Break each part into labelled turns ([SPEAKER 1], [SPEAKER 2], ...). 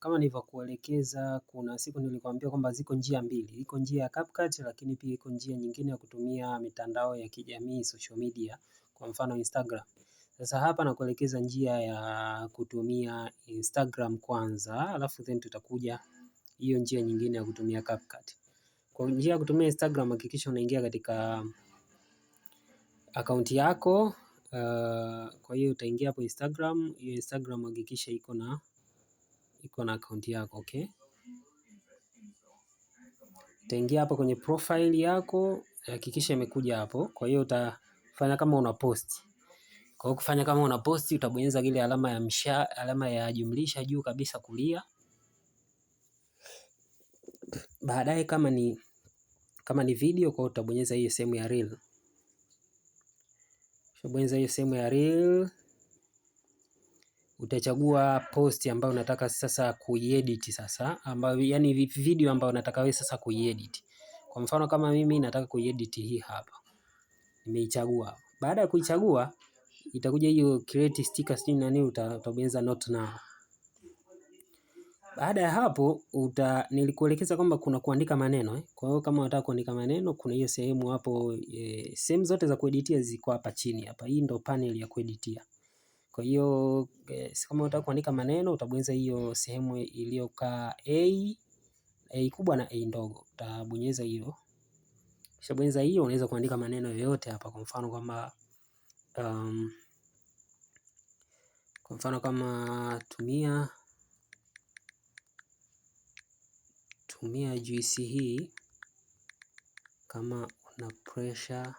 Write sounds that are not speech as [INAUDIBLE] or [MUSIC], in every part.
[SPEAKER 1] Kama nilivyokuelekeza kuna siku nilikuambia kwamba ziko njia mbili. Iko njia ya CapCut lakini pia iko njia nyingine ya kutumia mitandao ya kijamii social media kwa mfano Instagram. Sasa hapa nakuelekeza njia ya kutumia Instagram kwanza alafu then tutakuja hiyo njia nyingine ya kutumia CapCut. Kwa njia ya kutumia Instagram hakikisha unaingia katika akaunti yako. Ah, kwa hiyo utaingia hapo Instagram. Hiyo Instagram hakikisha iko na iko na akaunti yako okay. Utaingia hapo kwenye profile yako, hakikisha imekuja hapo. Kwa hiyo utafanya kama una post. Kwa hiyo kufanya kama una post, utabonyeza ile alama ya msha, alama ya jumlisha juu kabisa kulia. Baadaye kama ni kama ni video, kwa hiyo utabonyeza hiyo sehemu ya reel. Utabonyeza hiyo sehemu ya reel utachagua post ambayo unataka sasa kuedit sasa, ambayo yani video ambayo unataka wewe sasa kuedit. Kwa mfano kama mimi nataka kuedit hii hapa, nimeichagua. Baada ya kuichagua, itakuja hiyo create sticker sijui nani, utabonyeza not now. Baada ya hapo uta, nilikuelekeza kwamba kuna kuandika maneno eh. Kwa hiyo kama unataka kuandika maneno, kuna hiyo sehemu hapo eh, sehemu zote za kueditia ziko hapa chini hapa. Hii ndio panel ya kueditia. Kwa hiyo eh, kama unataka kuandika maneno utabonyeza hiyo sehemu iliyokaa A, A kubwa na A ndogo. Utabonyeza hiyo. bonyeza hiyo unaweza kuandika maneno yoyote hapa kwa mfano kama um, kwa mfano kama tumia tumia juisi hii kama una pressure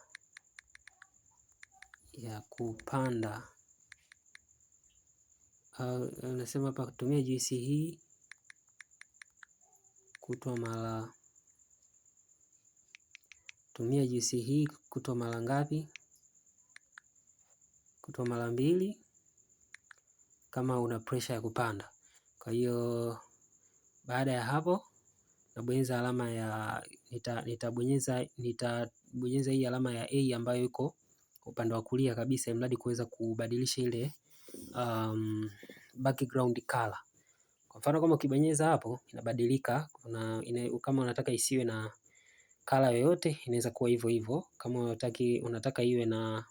[SPEAKER 1] ya kupanda anasema eh, hapa kutumia juisi hii kutwa mara tumia juisi hii kutwa mara ngapi? Kutwa mara mbili kama una presha ya kupanda. Kwa hiyo baada ya hapo nabonyeza alama ya nita, nitabonyeza nitabonyeza hii alama ya A ambayo iko upande wa kulia kabisa, mradi kuweza kubadilisha ile Um, background color. Kwa mfano kama ukibonyeza hapo inabadilika kuna ina, kama unataka isiwe na color yoyote inaweza kuwa hivyo hivyo. Kama unataki, unataka iwe na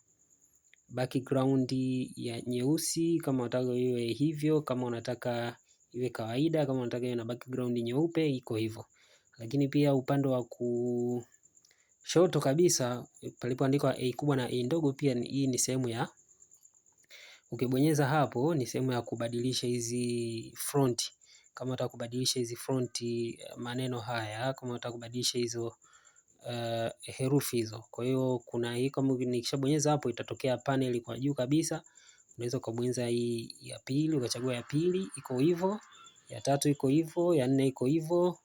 [SPEAKER 1] background ya nyeusi, kama unataka iwe hivyo, kama unataka iwe kawaida, kama unataka iwe na background nyeupe iko hivyo. Lakini pia upande wa kushoto kabisa palipoandikwa A kubwa na A ndogo, pia hii ni sehemu ya Ukibonyeza hapo ni sehemu ya kubadilisha hizi front, Kama unataka kubadilisha hizi front eh, maneno haya, kama unataka kubadilisha hizo uh, herufi hizo. Kwa hiyo kuna hii kama nikishabonyeza hapo itatokea panel kwa juu kabisa. Unaweza ukabonyeza hii ya pili, ukachagua ya pili iko hivyo, ya tatu iko hivyo, ya nne iko hivyo,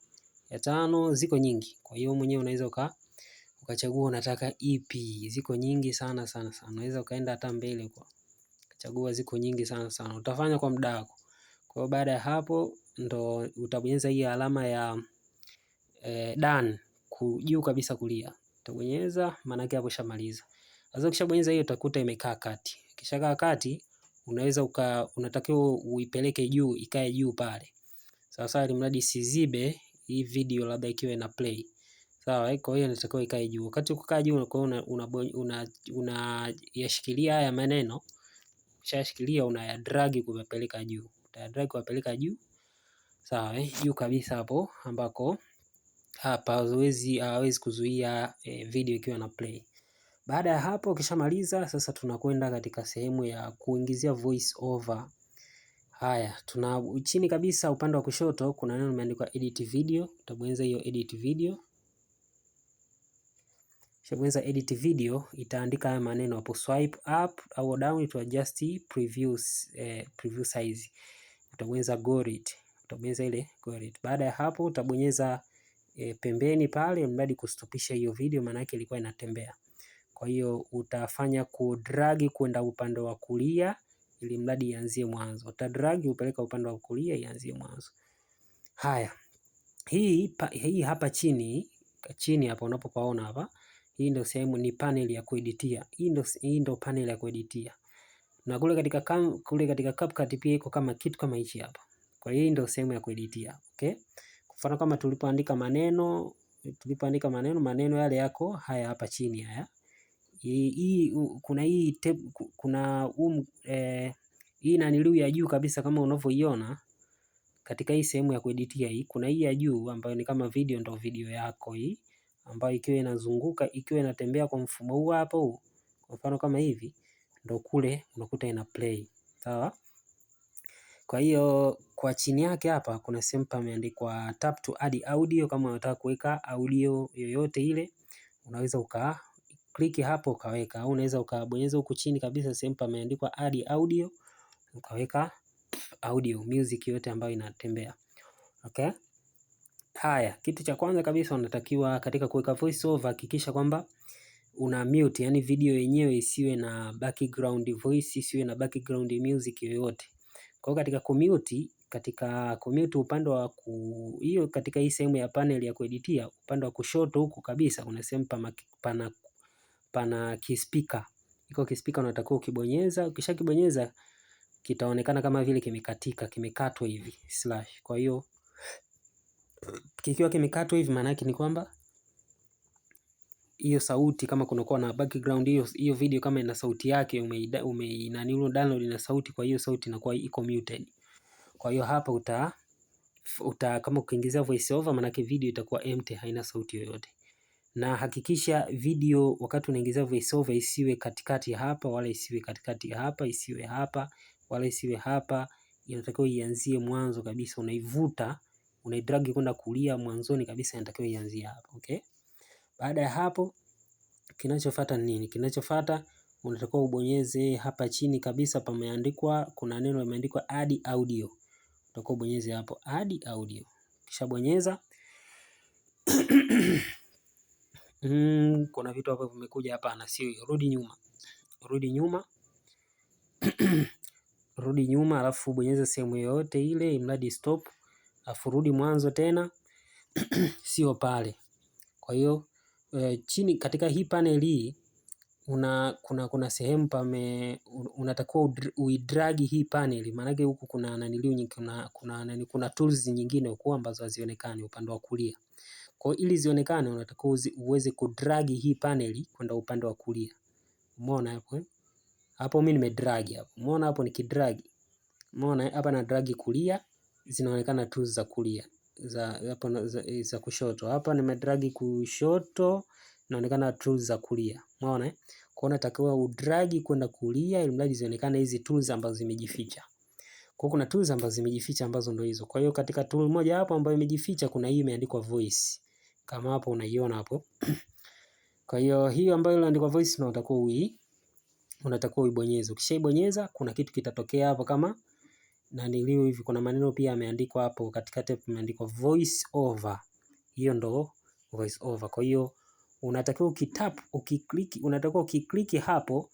[SPEAKER 1] ya tano ziko nyingi. Kwa hiyo mwenyewe unaweza uka ukachagua unataka ipi. Ziko nyingi sana sana sana. Unaweza ukaenda hata mbele kwa Chaguo ziko nyingi sana sana. Utafanya kwa muda wako. Kwa hiyo baada ya hapo ndo utabonyeza hii alama ya eh, done juu kabisa kulia. Utabonyeza maana yake hapo shamaliza. Sasa ukishabonyeza hiyo utakuta imekaa kati. Ikishakaa kati unaweza uka unatakiwa uipeleke juu ikae juu pale. Sawa sawa mradi sizibe hii video labda ikiwa ina play. Sawa, eh, kwa hiyo inatakiwa ikae juu. Wakati kukaa juu unakuwa unayashikilia haya maneno ukishashikilia unayadragi kupeleka juu, utayadragi kuyapeleka juu sawa, eh, juu kabisa hapo ambako hapa hawezi hawezi kuzuia eh, video ikiwa na play. Baada ya hapo ukishamaliza, sasa tunakwenda katika sehemu ya kuingizia voice over. Haya, tuna chini kabisa upande wa kushoto kuna neno limeandikwa edit video, utabonyeza hiyo edit video. Kishabonyeza edit video itaandika haya maneno hapo swipe up au down to adjust preview, eh, preview size. Utabonyeza go it. Utabonyeza ile go it. Baada ya hapo utabonyeza eh, pembeni pale mradi kustopisha hiyo video maana yake ilikuwa inatembea. Kwa hiyo utafanya kudragi kwenda upande wa kulia ili mradi ianzie mwanzo. Utadragi upeleka upande wa kulia ianzie mwanzo. Haya. Hii, hii hapa chini chini hapa unapopaona hapa hii ndio sehemu ni panel ya kueditia. Hii ndio hii ndio panel ya kueditia. Na kule katika kam, kule katika CapCut pia iko kama kitu kama hichi hapa. Kwa hiyo hii ndio sehemu ya kueditia, okay? Kwa mfano kama tulipoandika maneno, tulipoandika maneno, maneno yale yako haya hapa chini haya. Hii kuna hii tab, kuna um, eh, hii naniliu ya juu kabisa kama unavyoiona katika hii sehemu ya kueditia hii, kuna hii ya juu ambayo ni kama video, ndio video yako hii ambayo ikiwa inazunguka ikiwa inatembea kwa mfumo huu hapa huu kwa mfano kama hivi ndo kule unakuta ina play sawa. Kwa hiyo kwa chini yake hapa kuna sehemu pameandikwa tap to add audio. Kama unataka kuweka audio yoyote ile unaweza uka click hapo ukaweka, au unaweza ukabonyeza huku chini kabisa sehemu pameandikwa add audio ukaweka audio music yote ambayo inatembea okay. Haya, kitu cha kwanza kabisa unatakiwa katika kuweka voice over hakikisha kwamba una mute, yani video yenyewe isiwe na background voice, isiwe na background music yoyote. Kwa hiyo katika kumute, katika kumute upande wa ku hiyo katika hii sehemu ya panel ya kueditia, upande wa kushoto huku kabisa una sehemu pana pana pana kispika. Iko kispika unatakiwa ukibonyeza, ukishakibonyeza kitaonekana kama vile kimekatika, kimekatwa hivi slash. Kwa hiyo kikiwa kimekatwa hivi maana yake ni kwamba hiyo sauti kama kunakuwa na background hiyo hiyo video kama ina sauti yake ume nani ulo download ina sauti, kwa hiyo sauti inakuwa iko muted. Kwa hiyo hapa uta uta kama ukiingizia voice over, maana yake video itakuwa empty, haina sauti yoyote. Na hakikisha video wakati unaingizia voice over isiwe katikati hapa, wala isiwe katikati hapa, isiwe hapa wala isiwe hapa, inatakiwa ianzie mwanzo kabisa, unaivuta unaidragi kwenda kulia mwanzoni kabisa inatakiwa ianzie hapo okay? Baada ya hapo kinachofuata ni nini? Kinachofuata unatakiwa ubonyeze hapa chini kabisa pameandikwa, kuna neno limeandikwa add audio. Utakuwa ubonyeze hapo add audio, kisha bonyeza mm, kuna vitu hapo vimekuja hapa na sio Rudi nyuma, rudi nyuma rudi nyuma, alafu bonyeza sehemu yoyote ile, mradi stop afurudi mwanzo tena sio pale. Kwa hiyo e, chini katika hii panel hii una, kuna, kuna sehemu pame unatakiwa uidrag hii panel, maanake huku kuna nanili kuna, kuna, nani, kuna tools nyingine huku ambazo hazionekani upande wa kulia. Kwa hiyo ili zionekane unatakiwa uweze kudrag hii panel kwenda upande wa kulia. Umeona hapo eh? Hapo mimi nimedrag hapo. Umeona hapo nikidrag. Umeona eh? hapa na drag kulia zinaonekana tu za kulia za, hapa, za, eh, za kushoto hapa nimedragi kushoto inaonekana tu za kulia Umeona? Eh? Kwa hiyo natakiwa udragi kwenda kulia ili mradi zionekane hizi tools ambazo zimejificha. Kwa kuna tools ambazo zimejificha ambazo ndio hizo. Kwa hiyo katika tool moja hapo ambayo imejificha kuna hii imeandikwa voice. Kama hapo unaiona hapo. [CLEARS THROAT] Kwa hiyo hiyo ambayo imeandikwa voice na utakuwa ui unatakiwa uibonyeze. Ukishaibonyeza kuna kitu kitatokea hapo kama naniliu hivi kuna maneno pia yameandikwa hapo katika tape imeandikwa voice over. Hiyo ndo voice over. Kwa hiyo unatakiwa ukitap, ukikliki, unatakiwa ukikliki hapo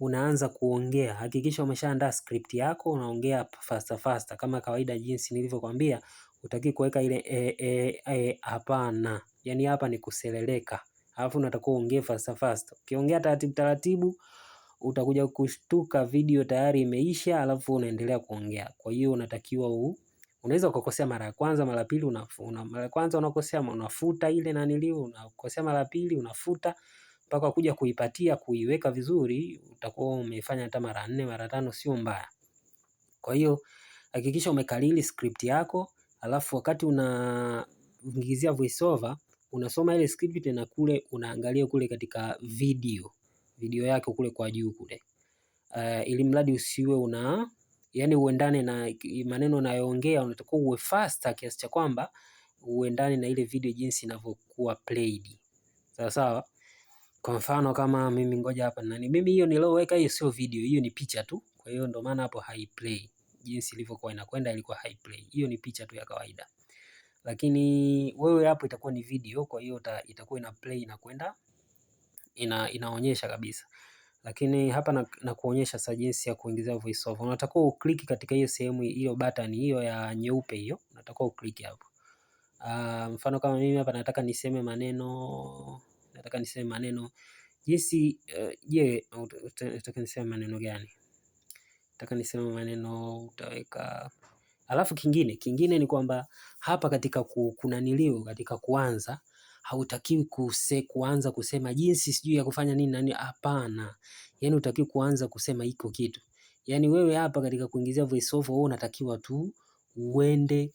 [SPEAKER 1] unaanza kuongea. Hakikisha umeshaandaa script yako, unaongea faster faster kama kawaida jinsi nilivyokuambia, utaki kuweka ile e, e, e, hapana. Yani hapa ni kuseleleka. Alafu unatakiwa uongee faster faster. Ukiongea taratibu taratibu utakuja kushtuka video tayari imeisha alafu unaendelea kuongea. Kwa hiyo unatakiwa u unaweza ukakosea mara ya kwanza, mara ya pili una mara ya kwanza unakosea unafuta ile naniliu, unakosea mara ya pili unafuta mpaka kuja kuipatia kuiweka vizuri, utakuwa umeifanya hata mara nne mara tano, sio mbaya. Kwa hiyo hakikisha umekalili script yako, alafu wakati unaingizia voice over unasoma ile script na kule unaangalia kule katika video video yake kule kwa juu kule uh, ili mradi usiwe una yani uendane na maneno unayoongea, unatakiwa uwe faster kiasi cha kwamba uendane na ile video jinsi inavyokuwa played. Sawa sawa. Kwa mfano kama mimi, ngoja hapa nani, mimi hiyo niloweka hiyo sio video, hiyo ni picha tu. Kwa hiyo ndio maana hapo high play jinsi ilivyokuwa inakwenda, ilikuwa high play. Hiyo ni picha tu ya kawaida, lakini wewe hapo itakuwa ni video, kwa hiyo itakuwa ina play inakwenda ina, inaonyesha kabisa. Lakini hapa na, na kuonyesha sasa jinsi ya voice over, Unatakiwa ukliki katika hiyo sehemu hiyo button hiyo ya nyeupe hiyo, unatakiwa uklik hapo. Uh, mfano kama mimi hapa nataka niseme maneno, nataka niseme maneno jinsi eh, je, nataka niseme maneno gani? Nataka niseme maneno utaweka. Alafu kingine kingine ni kwamba hapa katika kunaniliu katika kuanza hautakiwi kuse, kuanza kusema jinsi sijui ya kufanya nini nani. Hapana, yani utakiwi kuanza kusema iko kitu. Yani wewe hapa katika kuingizia voice over, wewe unatakiwa tu uende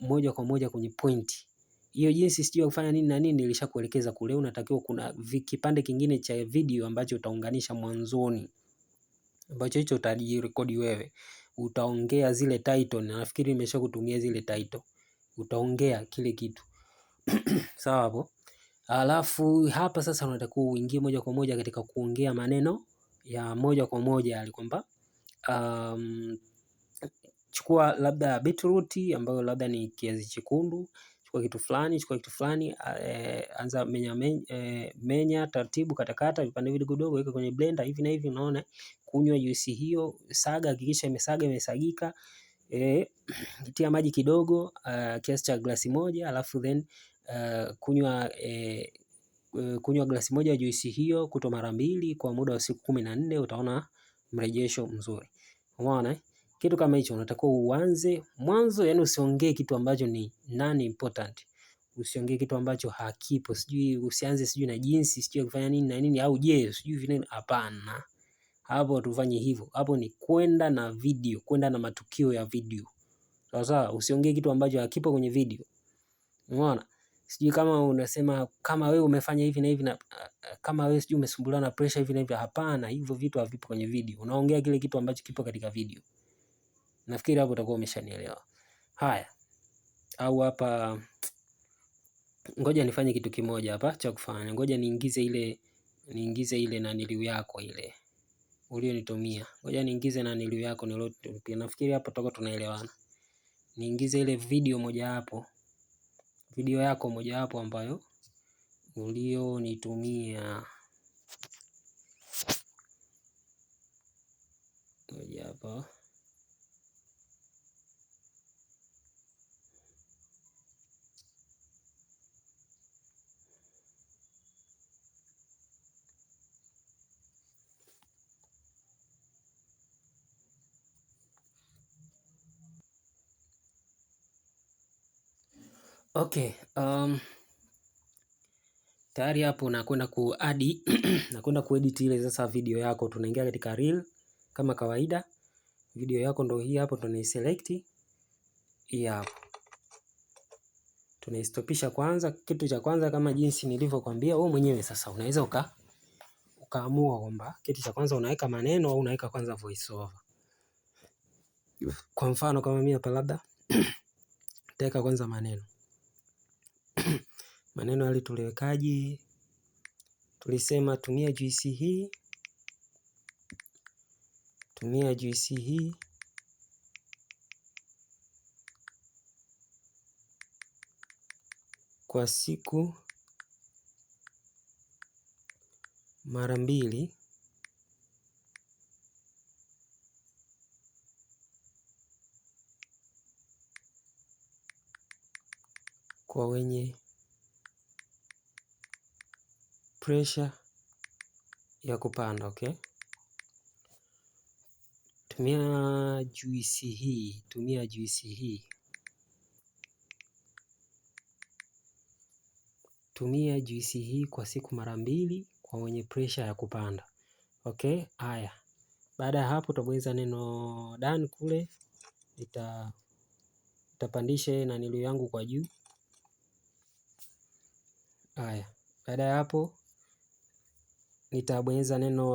[SPEAKER 1] moja kwa moja kwenye pointi hiyo jinsi sijui ya kufanya nini na nini nilishakuelekeza kule. Unatakiwa kuna kipande kingine cha video ambacho utaunganisha mwanzoni, ambacho hicho utajirekodi wewe, utaongea zile title, na nafikiri nimeshakutumia kutumia zile title, utaongea kile kitu. [CLEARS THROAT] sawa hapo. Alafu hapa sasa unatakiwa uingie moja kwa moja katika kuongea maneno ya moja kwa moja yale yaani kwamba um, chukua labda beetroot ambayo labda ni kiazi chekundu, chukua kitu fulani, chukua kitu fulani eh, anza menya menya, eh, menya taratibu, katakata vipande vidogo vidogo, weka kwenye blender hivi na hivi, unaona. Kunywa juisi hiyo, saga, hakikisha imesaga imesagika. eh, [CLEARS THROAT] tia maji kidogo, uh, kiasi cha glasi moja, alafu then uh, kunywa eh, kunywa glasi moja ya juisi hiyo kuto mara mbili kwa muda wa siku kumi na nne utaona mrejesho mzuri. Umeona? Eh? Kitu kama hicho unatakiwa uanze mwanzo, yani usiongee kitu ambacho ni non important. Usiongee kitu ambacho hakipo, sijui usianze sijui na jinsi sijui kufanya nini na nini au je, sijui vile. Hapana, hapo tufanye hivyo. Hapo ni kwenda na video, kwenda na matukio ya video. Sawa sawa, usiongee kitu ambacho hakipo kwenye video. Umeona? Sijui kama unasema kama wewe umefanya hivi na hivi na kama wewe sijui umesumbuliwa na pressure hivi na hivi hapana, hivyo vitu havipo kwenye video. Unaongea kile kitu ambacho kipo katika video. Nafikiri hapo utakuwa umeshanielewa. Haya. Au hapa ngoja nifanye kitu kimoja hapa cha kufanya. Ngoja niingize ile niingize ile naniliu yako ile ulionitumia. Ngoja niingize naniliu yako nilio, Nafikiri hapo tutakuwa tunaelewana. Niingize ile video moja hapo video yako mojawapo ambayo ulionitumia moja hapa. Okay, um, tayari hapo nakwenda kuadi [CLEARS THROAT] nakwenda edit ile sasa video yako, tunaingia katika reel kama kawaida. Video yako ndo hii hapo, tunai select hii hapo, tunaistopisha kwanza. Kitu cha kwanza kama jinsi nilivyokuambia wewe mwenyewe, sasa unaweza uka ukaamua kwamba kitu cha kwanza unaweka maneno au unaweka kwanza voice over. Kwa mfano kama mimi hapa labda nitaweka [CLEARS THROAT] kwanza maneno Maneno tuliwekaje? Tulisema tumia juisi hii, tumia juisi hii kwa siku mara mbili kwa wenye pressure ya kupanda okay. Tumia juisi hii, tumia juisi hii, tumia juisi hii kwa siku mara mbili kwa wenye pressure ya kupanda okay. Haya, baada ya hapo utabonyeza neno done kule, nita na naniliu yangu kwa juu. Haya, baada ya hapo nitabonyeza neno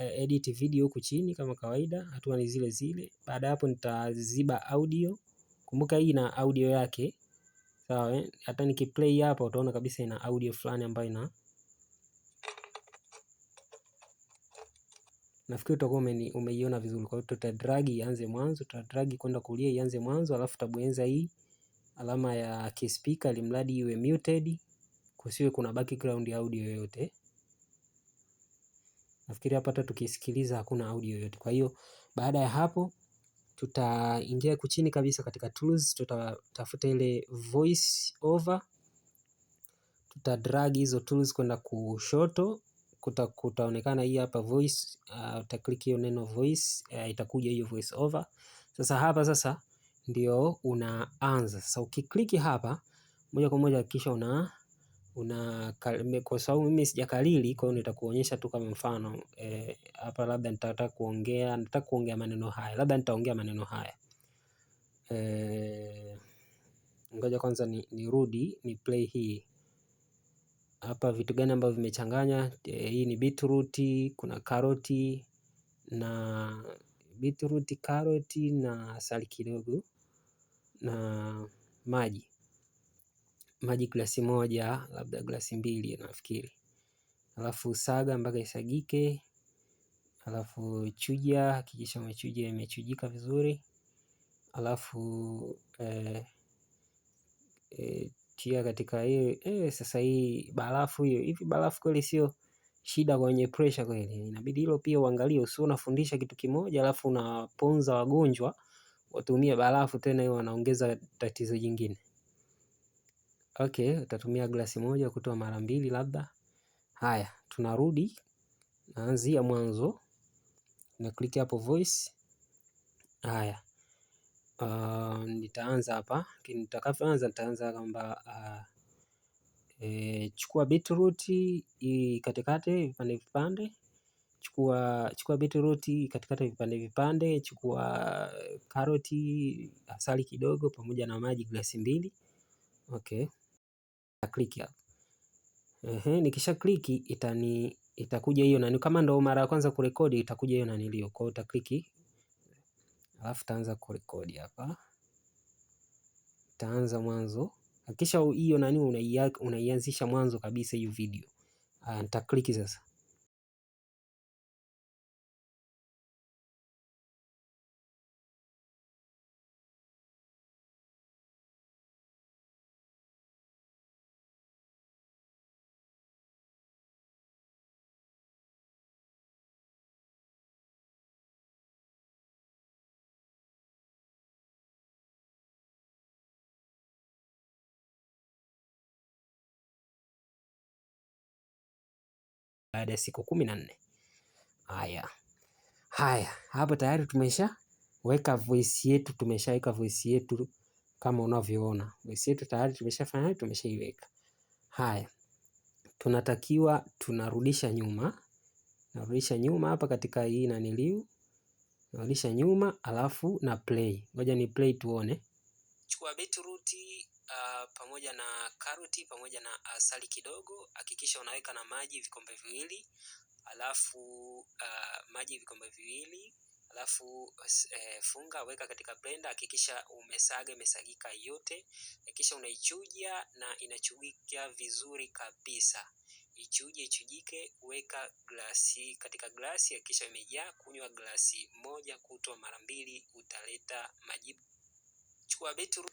[SPEAKER 1] eh, edit video huku chini kama kawaida, hatua ni zile zile. Baada hapo nitaziba audio. Kumbuka hii ina audio yake, sawa eh? Hata nikiplay hapa utaona kabisa ina audio fulani ambayo ina nafikiri utakuwa umeiona vizuri. Kwa hiyo drag ianze mwanzo, drag kwenda kulia ianze mwanzo, alafu tabonyeza hii alama ya kispika, limradi iwe muted, kusiwe kuna background audio yoyote. Nafikiri hapa hata tukisikiliza hakuna audio yoyote. Kwa hiyo baada ya hapo tutaingia kuchini chini kabisa katika tools, tutatafuta ile voice over, drag hizo tools kwenda kushoto, kuta, kutaonekana hii hapa voice, utaklik uh, hiyo neno voice, uh, itakuja hiyo voice over. Sasa hapa sasa ndio unaanza. Sasa ukikliki hapa moja kwa moja hakikisha una una kwa sababu mimi sijakalili, kwa hiyo nitakuonyesha tu kama mfano eh, hapa, labda nitataka kuongea, nitataka kuongea maneno haya, labda nitaongea maneno haya e, ngoja kwanza nirudi ni, ni play hii hapa, vitu gani ambavyo vimechanganya e, eh, hii ni beetroot, kuna karoti na beetroot, karoti na sali kidogo na maji maji glasi moja labda glasi mbili nafikiri, alafu saga mpaka isagike, alafu chuja, hakikisha umechuja imechujika vizuri, alafu eh, eh, tia katika hiyo eh, sasa hii barafu hiyo, hivi barafu kweli sio shida kwenye pressure kweli, inabidi hilo pia uangalie, usio unafundisha kitu kimoja alafu unaponza wagonjwa watumie barafu tena, hiyo wanaongeza tatizo jingine. Okay, utatumia glasi moja kutoa mara mbili labda. Haya, tunarudi naanzia mwanzo, na click hapo voice. Haya, uh, nitaanza hapa, nitakapoanza nitaanza kwamba uh, e, chukua beetroot ikatekate vipande vipande chukua chukua beetroot katikati vipande vipande, chukua eh, karoti, asali kidogo, pamoja na maji glasi mbili. Okay click hapo. Ehe, nikisha click itani itakuja hiyo nani kama ndo mara ya kwanza kurekodi itakuja hiyo nani hiyo. Kwa hiyo uta click alafu taanza kurekodi hapa. Taanza mwanzo. Hakikisha hiyo nani unaianzisha mwanzo kabisa hiyo video. Ah, nita click sasa. baada ya siku kumi na nne. Haya. Haya, hapo tayari tumesha weka voice yetu, tumeshaweka voice yetu kama unavyoona. Voice yetu tayari tumeshafanya, tumeshaiweka. Haya. Tunatakiwa tunarudisha nyuma. Narudisha nyuma hapa katika hii naniliu. Narudisha nyuma alafu na play. Ngoja ni play tuone.
[SPEAKER 2] Chukua beti uh, pamoja na karoti pamoja na asali ah, kidogo. Hakikisha unaweka na maji vikombe viwili, alafu uh, maji vikombe viwili alafu e, funga weka katika blender, hakikisha umesaga imesagika yote, hakikisha unaichuja na inachujika vizuri kabisa. Ichuje ichujike, weka glasi katika glasi, hakikisha imejaa. Kunywa glasi moja kutwa mara mbili, utaleta majibu. Chukua beetroot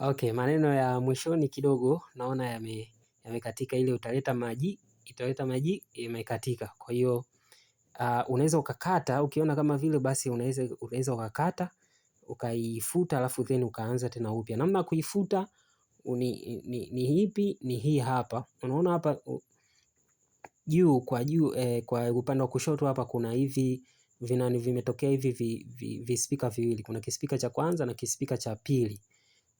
[SPEAKER 1] Okay, maneno ya mwishoni kidogo naona yame yamekatika, ile utaleta maji, italeta maji imekatika. Kwa hiyo uh, unaweza ukakata ukiona kama vile basi, unaweza unaweza ukakata ukaifuta, alafu then ukaanza tena upya. Namna kuifuta ni, ni, ni hipi? Ni hii hapa, unaona hapa juu kwa juu eh, kwa upande wa kushoto hapa kuna hivi vinani vimetokea hivi vispika vi, vi, vi viwili, kuna kispika cha kwanza na kispika cha pili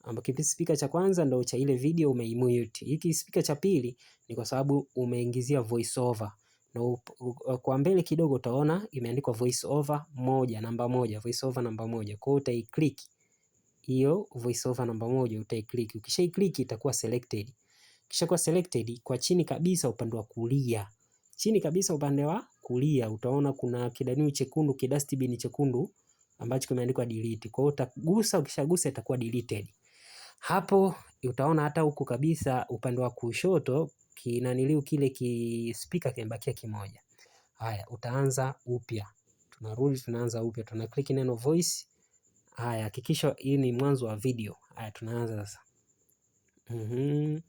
[SPEAKER 1] amba kipi speaker cha kwanza ndo cha ile video umeimute. Hiki speaker cha pili ni kwa sababu umeingizia voice over na kwa mbele kidogo utaona imeandikwa voice over moja namba moja, voice over namba moja. Kwa hiyo utai click hiyo voice over namba moja, utai click. utaiclick. click itakuwa selected, kisha kwa selected, kwa chini kabisa upande wa kulia, chini kabisa upande wa kulia utaona kuna kidaniu chekundu, kidustbin chekundu ambacho kimeandikwa delete. Kwa hiyo utagusa, ukishagusa itakuwa deleted. Hapo utaona hata huku kabisa upande wa kushoto kinaniliu kile kispika kimebakia kimoja. Haya utaanza upya. Tunarudi tunaanza upya. Tuna click neno voice. Haya hakikisha hii ni mwanzo wa video. Haya tunaanza sasa. Mhm.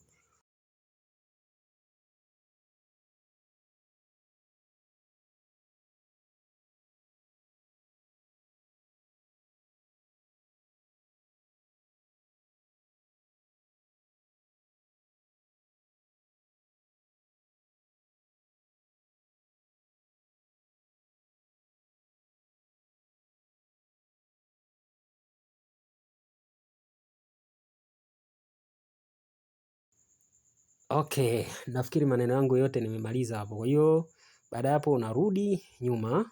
[SPEAKER 1] Okay, nafikiri maneno yangu yote nimemaliza hapo. Kwa hiyo baada ya hapo unarudi nyuma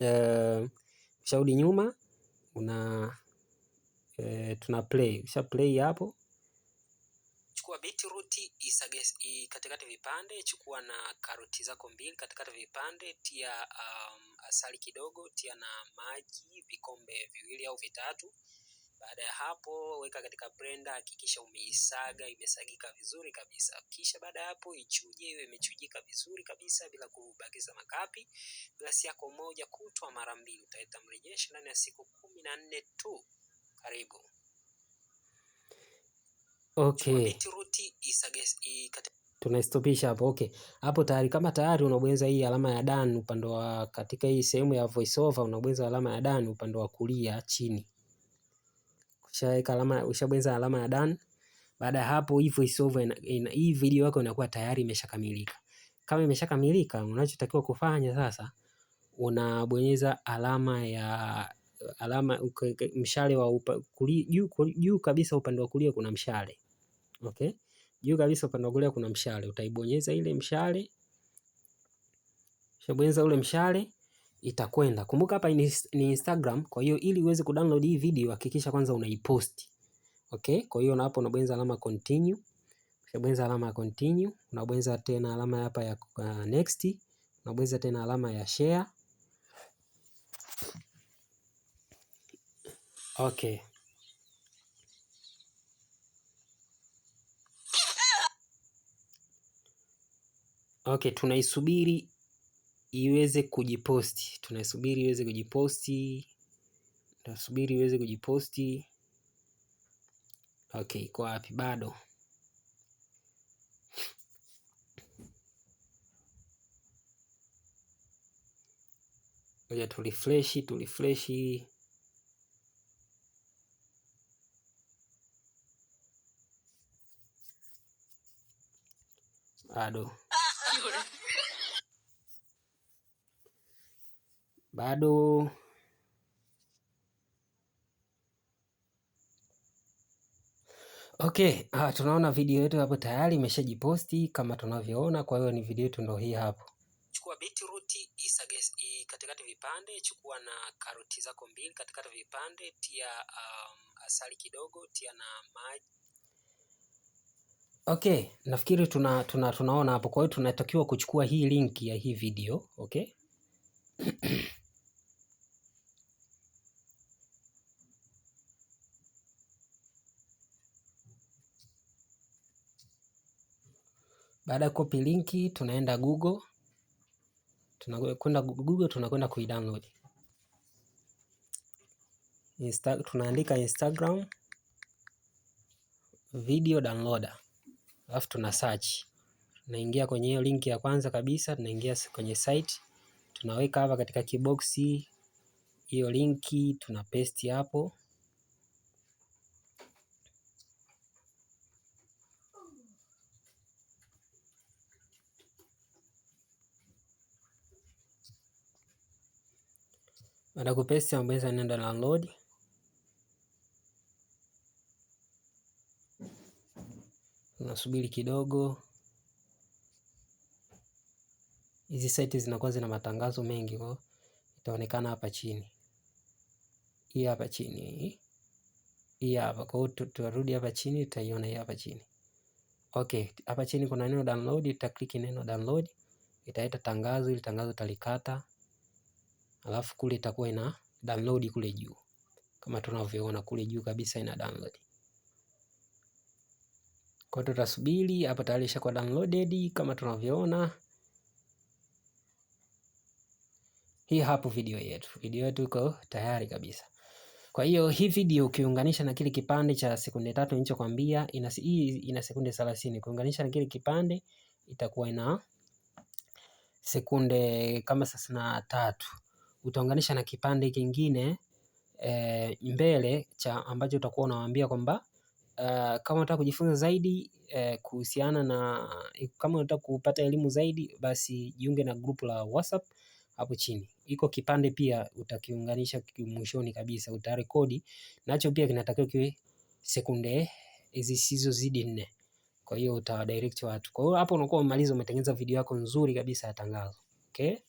[SPEAKER 1] eh, usharudi nyuma una uh, tuna play usha play hapo,
[SPEAKER 2] chukua beetroot katikati vipande, chukua na karoti zako mbili, katikati vipande, tia um, asali kidogo, tia na maji vikombe viwili au vitatu. Baada ya hapo, weka katika blender, hakikisha umeisaga, imesagika vizuri kabisa. Kisha baada ya hapo, ichuje, iwe imechujika vizuri kabisa bila kubakiza makapi. Glasi yako moja kutwa mara mbili, utaleta mrejesho ndani ya siku kumi na nne tu. Karibu.
[SPEAKER 1] Okay. Tunaistopisha hapo okay. Hapo tayari, kama tayari unabonyeza hii alama ya done upande wa katika hii sehemu ya over unabonyeza alama ya done upande wa kulia chini ushaweka alama, ushabonyeza alama ya done. Baada ya hapo hii voice over hii video yako inakuwa tayari imeshakamilika. Kama imeshakamilika, unachotakiwa kufanya sasa unabonyeza alama ya alama mshale wa juu juu kabisa upande wa kulia kuna mshale. Okay? Juu kabisa upande wa kulia kuna mshale, utaibonyeza ile mshale. Ushabonyeza ule mshale itakwenda. Kumbuka hapa ni Instagram, kwa hiyo ili uweze kudownload hii video hakikisha kwanza unaiposti. Okay? Kwa hiyo na hapo unabonyeza alama continue. Unabonyeza alama ya continue, unabonyeza tena alama hapa ya uh, next, unabonyeza tena alama ya share. Okay. Okay, tunaisubiri iweze kujiposti, tunasubiri iweze kujiposti, tunasubiri iweze kujiposti. Okay, iko wapi? Bado moja, tulifreshi tulifreshi bado bado Okay, ah, tunaona video yetu hapo tayari imeshajiposti kama tunavyoona. Kwa hiyo ni video yetu ndio hii hapo.
[SPEAKER 2] Chukua beetroot katikati vipande, chukua na karoti zako mbili katikati vipande, tia um, asali kidogo, tia na maji.
[SPEAKER 1] Okay, nafikiri tuna, tuna, tunaona hapo. Kwa hiyo tunatakiwa kuchukua hii link ya hii video okay. [CLEARS THROAT] Baada ya copy linki tunaenda Google. Tunakwenda Google tunakwenda kuidownload. Insta, tunaandika Instagram video downloader. Alafu tuna search. Tunaingia kwenye hiyo linki ya kwanza kabisa, tunaingia kwenye site. Tunaweka hapa katika kiboksi hiyo linki tuna paste hapo. Baada ya kupesti ambeza nenda download. Unasubiri kidogo. Hizi site zinakuwa zina matangazo mengi kwa itaonekana hapa chini. Hii hapa chini hii. hapa. Kwa hiyo tutarudi hapa chini tutaiona hii hapa chini. Okay, hapa chini kuna neno download, itakliki neno download, itaita tangazo ili tangazo talikata alafu kule itakuwa ina download kule juu kama tunavyoona kule juu kabisa ina download. Kwa tutasubiri hapa, tayari ishakuwa downloaded kama tunavyoona. Hii hapo video yetu, video yetu iko tayari kabisa. Kwa hiyo hii video ukiunganisha na kile kipande cha sekunde tatu nilichokwambia, ina hii ina sekunde 30. kuunganisha na kile kipande itakuwa ina sekunde kama 33 utaunganisha na kipande kingine eh, mbele cha ambacho utakuwa unawaambia kwamba eh, kama unataka kujifunza zaidi eh, kuhusiana na kama unataka kupata elimu zaidi basi jiunge na grupu la WhatsApp hapo chini. Iko kipande pia utakiunganisha mwishoni kabisa utarekodi nacho pia kinatakiwa kiwe sekunde zisizozidi nne. Kwa hiyo utawadirect watu. Kwa hiyo hapo unakuwa umemaliza umetengeneza video yako nzuri kabisa ya tangazo. Okay?